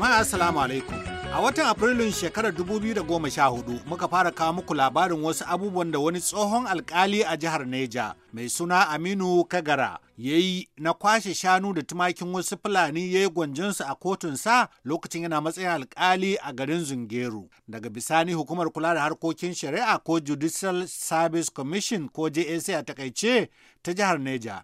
Jama'a Assalamu alaikum. A watan Afrilun shekarar 2014 muka fara kawo muku labarin wasu abubuwan da wani tsohon alkali a jihar Neja mai suna Aminu Kagara ya yi na kwashe shanu da tumakin wasu Fulani ya yi gwanjinsu a kotunsa lokacin yana matsayin alkali a garin Zungeru. Daga bisani hukumar kula da harkokin shari'a ko Judicial Service Commission ko JSA a takaice ta jihar Neja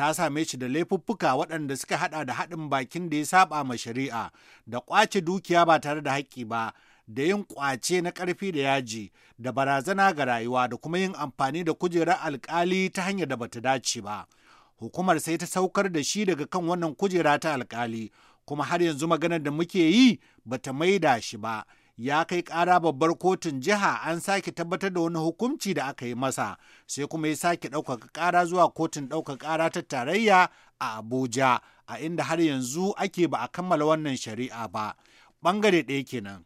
ta same shi da laifuffuka waɗanda suka haɗa da haɗin bakin da ya saba ma shari'a da ƙwace dukiya ba tare da haƙƙi ba da yin ƙwace na ƙarfi da yaji da barazana ga rayuwa da kuma yin amfani da kujerar alkali ta hanyar da bata dace ba hukumar sai ta saukar da shi daga kan wannan kujera ta alkali kuma har yanzu maganar da muke yi bata maida shi ba ya kai ƙara babbar kotun jiha an sake tabbatar da wani hukunci da aka yi masa sai kuma ya sake ɗaukaka ƙara zuwa kotun ɗaukaka ƙara ta tarayya a abuja a inda har yanzu ake ba a kammala wannan shari'a ba ɓangare ɗaya kenan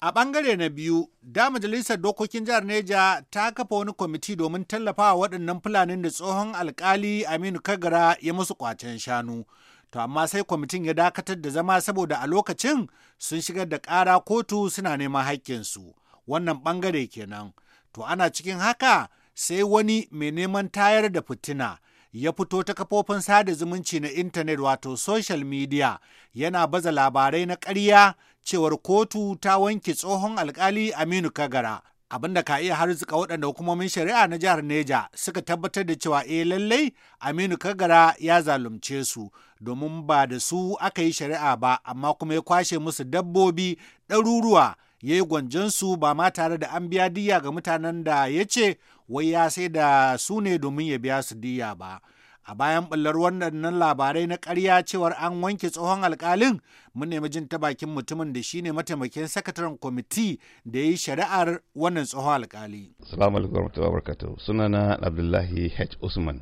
a ɓangare na biyu da majalisar dokokin jihar neja ta kafa wani kwamiti domin tallafawa waɗannan fulanin da tsohon alkali aminu kagara ya musu kwacen shanu to amma sai kwamitin ya dakatar da zama saboda a lokacin sun shigar da ƙara kotu suna neman haƙƙinsu wannan ɓangare kenan to ana cikin haka sai wani mai neman tayar da fitina ya fito ta kafofin sada zumunci na intanet wato social media yana baza labarai na ƙarya cewar kotu ta wanke tsohon alkali Aminu Kagara abinda ka iya harzuka waɗanda hukumomin shari'a na jihar Neja suka tabbatar da cewa eh lallai Aminu Kagara ya zalunce su domin ba da su aka yi shari'a ba amma kuma ya kwashe musu dabbobi ɗaruruwa ya yi gwanjansu ba ma tare da an biya diya ga mutanen da ya ce wai ya sai da su ne domin ya biya su diya ba. a bayan ɓullar wannan labarai na ƙarya cewar an wanke tsohon alƙalin mun nemi jin ta bakin mutumin da shine mataimakin sakataren kwamiti da ya yi shari'ar wannan tsohon alƙali. Salamu alaikum warahmatullahi wabarakatuh. Sunana Abdullahi H. Usman,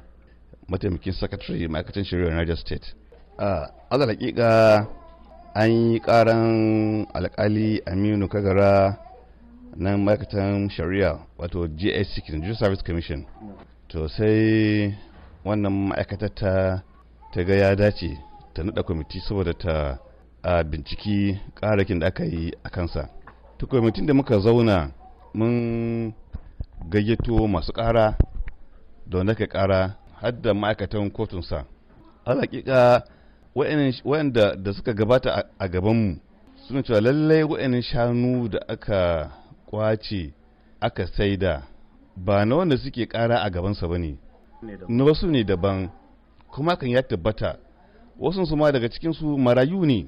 mataimakin sakatare ma'aikatan shari'ar Niger State. A azal hakika an yi ƙaran Alƙali Aminu Kagara na ma'aikatan shari'a wato GSC Judicial Service Commission. To sai wannan ma'aikatar ta ta ga ya dace ta naɗa kwamiti saboda ta a binciki ƙarakin da aka yi a kansa ta kwamitin da muka zauna mun gayyato masu ƙara da wanda ka ƙara har da ma'aikatan kotunsa alaƙiƙa waanda da suka gabata a gabanmu suna cewa lallai waɗannan shanu da aka kwace aka saida ba na wanda suke ƙara a gabansa ba ne na wasu ne daban kuma kan ya tabbata wasu su ma daga cikin su marayu ne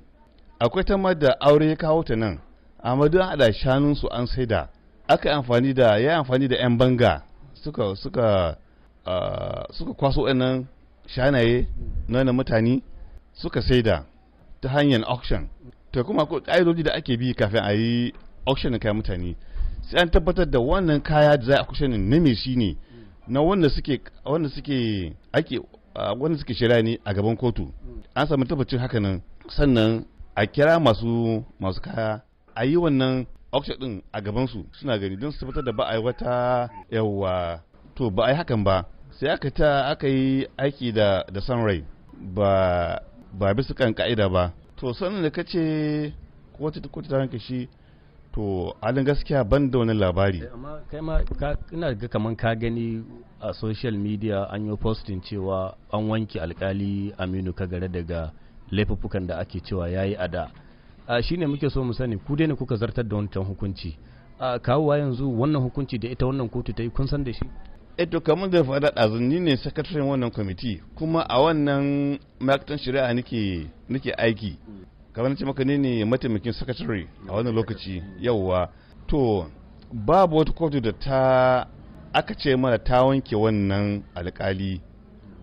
akwai ta da aure ya kawo ta nan amma don haɗa shanun an saida aka amfani da ya amfani da 'yan banga suka suka suka kwaso wannan shanaye na mutane suka saida ta hanyar auction ta kuma ko ƙa'idoji da ake bi kafin a yi auction na kayan mutane sai an tabbatar da wannan kaya da za a ne na me shi ne na wanda suke wanda suke ake wanda suke shari'a ne a gaban kotu hmm. an samu tabbacin haka nan sannan a kira masu masu kaya a yi wannan auction din a gaban su suna gani don su tabbatar da ba a yi wata yawa to ba a yi hakan ba sai aka ta aka yi aiki da da sunray ba ba bisa kan ka'ida ba to sannan da kace kotu kotu ta to alin gaskiya ban da wani labari eh, kai ina ga kaman ka gani a social media an yi posting cewa an wanke alkali aminu kagare daga laifuffukan da ake cewa yayi a da shi ne muke so mu sani ku dai ne kuka zartar da wancan hukunci kawowa yanzu wannan hukunci da ita wannan kotu ta yi kun san da shi eto eh, kamar da faɗa ni ne sakataren wannan kwamiti kuma a wannan maktan shari'a nake aiki kamar ce maka ne mataimakin sakatare a wannan lokaci yauwa to babu wata kotu da ta aka ce mana ta wanke wannan alkali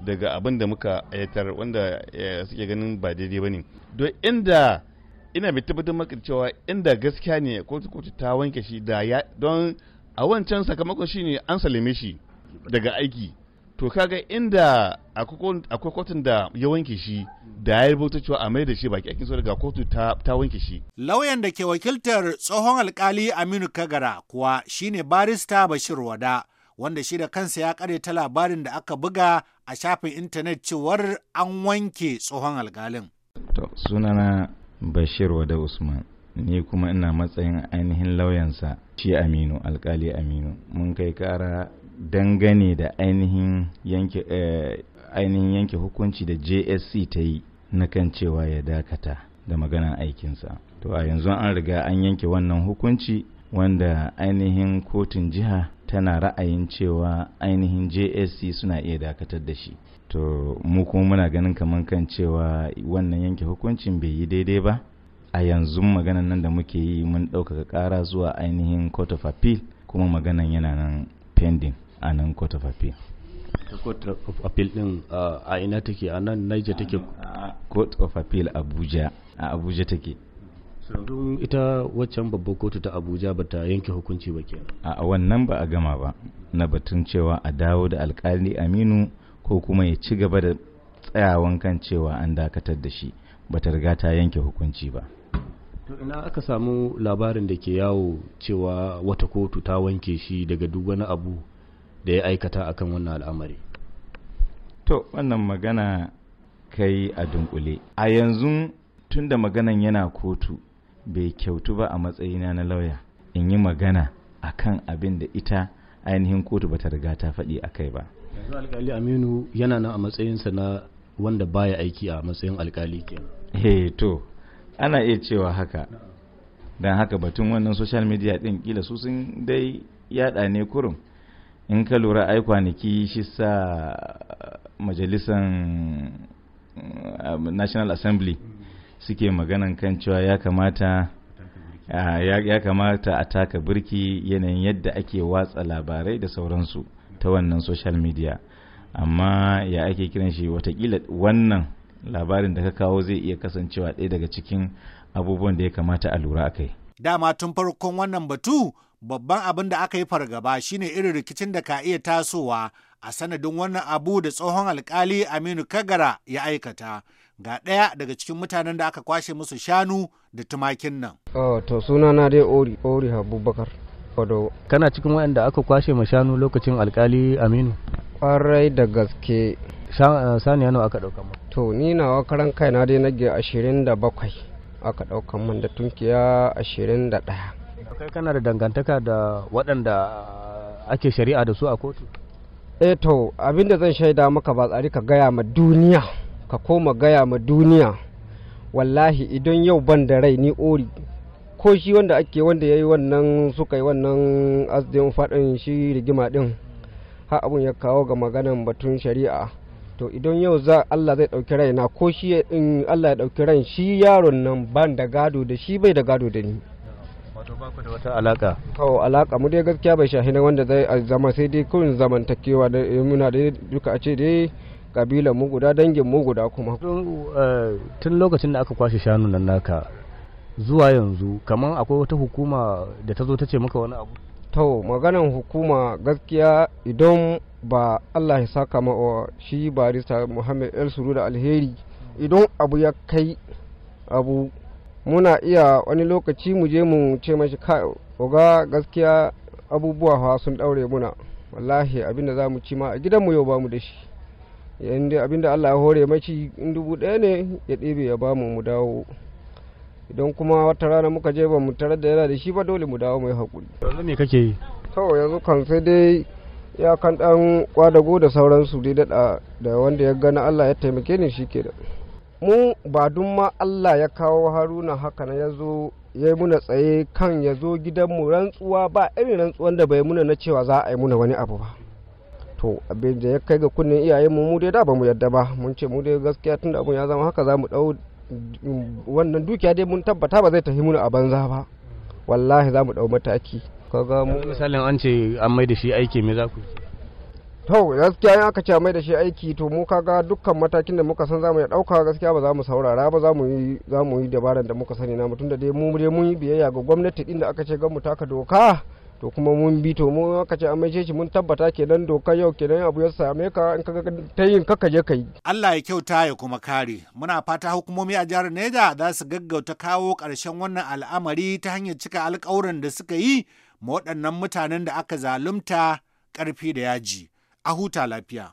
daga abin da muka ayatar wanda eh, suke ganin ba daidai ba ne don inda ina mai tabbatar maka cewa inda gaskiya ne kotu kotu ta wanke shi da don a wancan sakamakon shi ne an salime shi daga aiki to kaga inda akwai kotun da ya wanke shi da ya rubuta cewa a mai da shi baki ake so daga kotu ta, wanke shi. Lauyan da ke wakiltar tsohon alkali Aminu Kagara kuwa shine barista Bashir Wada wanda shi da kansa ya kare ta labarin da aka buga a shafin intanet cewar an wanke tsohon alkalin. To sunana Bashir Wada Usman ni kuma ina matsayin ainihin lauyansa shi Aminu alkali Aminu mun kai kara dangane da ainihin yanke eh, ainihin yanke hukunci da JSC ta yi na kan cewa ya dakata da maganan aikinsa to a yanzu an riga an yanke wannan hukunci wanda ainihin kotun jiha tana ra'ayin cewa ainihin JSC suna iya dakatar da shi to mu kuma muna ganin kamar kan cewa wannan yanke hukuncin bai yi daidai ba a yanzu maganan nan da muke yi mun ɗaukaka ƙara zuwa ainihin court of appeal kuma maganan yana nan pending a nan court of appeal ta court of appeal din a ina take a nan niger take court of appeal abuja a abuja take don ita waccan babbar kotu ta abuja ba ta yanke hukunci ba ke. a wannan ba a gama ba na batun cewa a dawo da alkali aminu ko kuma ya ci gaba da tsayawan kan cewa an dakatar da shi ba ta riga ta yanke hukunci ba to ina aka samu labarin da ke yawo cewa wata kotu ta wanke shi daga duk wani abu da ya aikata a kan wannan al'amari to wannan magana kai a dunkule a yanzu tun da maganan yana kotu bai kyautu ba a matsayina na lauya in yi magana a kan abin da ita ainihin kotu bata riga ta faɗi a kai ba yanzu alkali aminu yana nan a matsayinsa na wanda baya aiki a matsayin alkali ke eh to ana iya cewa haka don haka batun wannan social media ɗin kila su sun dai yaɗa ne kurum in ka lura ai kwanaki shi sa uh, majalisan uh, national assembly suke maganan kan cewa ya kamata uh, ya kamata a taka birki yanayin yadda ake watsa labarai da sauransu ta wannan social media amma ya ake kiran shi watakila wannan labarin da ka kawo zai iya kasancewa ɗaya daga cikin abubuwan da ya kamata a lura a kai dama tun farkon wannan batu babban abin da aka yi fargaba shine irin rikicin da ka iya tasowa a sanadin wannan abu da tsohon alkali aminu kagara ya aikata ga ɗaya daga cikin mutanen da aka kwashe musu shanu da tumakin nan. Oh, to suna na dai ori ori abubakar kana cikin waɗanda aka kwashe ma shanu lokacin alkali aminu kwarai da gaske eh, saniya nawa aka ɗauka ma to ni nawa karan na dai nage ashirin da bakwai aka ɗauka man da tunkiya ashirin da ɗaya kai kana da dangantaka da waɗanda ah, ake shari'a da su a kotu eh to abinda zan shaida maka ba tsari ka gaya ma duniya ka koma gaya ma duniya wallahi idan yau ban da rai ni ori ko shi wanda ake wanda ya yi wannan suka yi wannan asdin faɗin shi rigima ɗin har abun ya kawo ga maganan batun shari'a to idan yau za Allah zai ɗauki raina ko shi in Allah ya ɗauki rai shi yaron nan ban da gado da shi bai da gado da ni wato ba ku da wata alaka to alaka mu dai gaskiya bai shahi na wanda zai zama sai dai kun zamantakewa da eh, muna dai duka a ce dai kabilan mu guda dangin mu guda kuma eh, tun lokacin da aka kwashe shanu nan naka zuwa yanzu kamar akwai wata hukuma da ta zo ta ce maka wani abu to maganan hukuma gaskiya idan ba Allah ya saka ma oh, shi barista Muhammad El Suru da alheri idan abu ya kai abu muna iya wani lokaci mu je mu ce mashi oga gaskiya abubuwa fa sun daure muna wallahi abinda za mu ci ma a gidanmu yau ba mu da shi yadda abinda Allah ya hore maci in dubu ɗaya ne ya ɗebe ya bamu mu dawo idan kuma wata rana muka je ba mu tarar da yana da shi ba dole mu dawo mai haƙuri yanzu me kake yi to yanzu kan sai dai ya kan ɗan kwadago da sauransu dai da wanda ya gana Allah ya taimake ni shi ke da mu ba dun ma Allah ya kawo haruna haka na ya zo ya yi muna tsaye kan ya zo gidanmu rantsuwa ba irin rantsuwan da bai muna na cewa za a yi muna wani abu ba to abin da ya kai ga kunnen iyayenmu mu dai da ba mu yadda ba mun ce mu dai gaskiya tunda abun ya zama haka za mu dau wannan dukiya dai mun tabbata ba zai tafi muna a banza ba wallahi za mu dau mataki kaga mu misalin an ce an mai da shi aiki me za ku yi to gaskiya in aka ce mai da shi aiki to mu kaga dukkan matakin da muka san zamu ya dauka gaskiya ba za mu saurara ba za mu yi za mu yi dabaran da muka sani na mutum da dai mu dai mun yi biyayya ga gwamnati din da aka ce mu taka doka to kuma mun bi to mu aka ce shi mun tabbata kenan doka yau kenan abu ya same ka in kaga ta yin kaka je kai Allah ya kyauta ya kuma kare muna fata hukumomi a jihar Neja za su gaggauta kawo karshen wannan al'amari ta hanyar cika alƙawuran da suka yi ma waɗannan mutanen da aka zalunta ƙarfi da yaji a huta lafiya.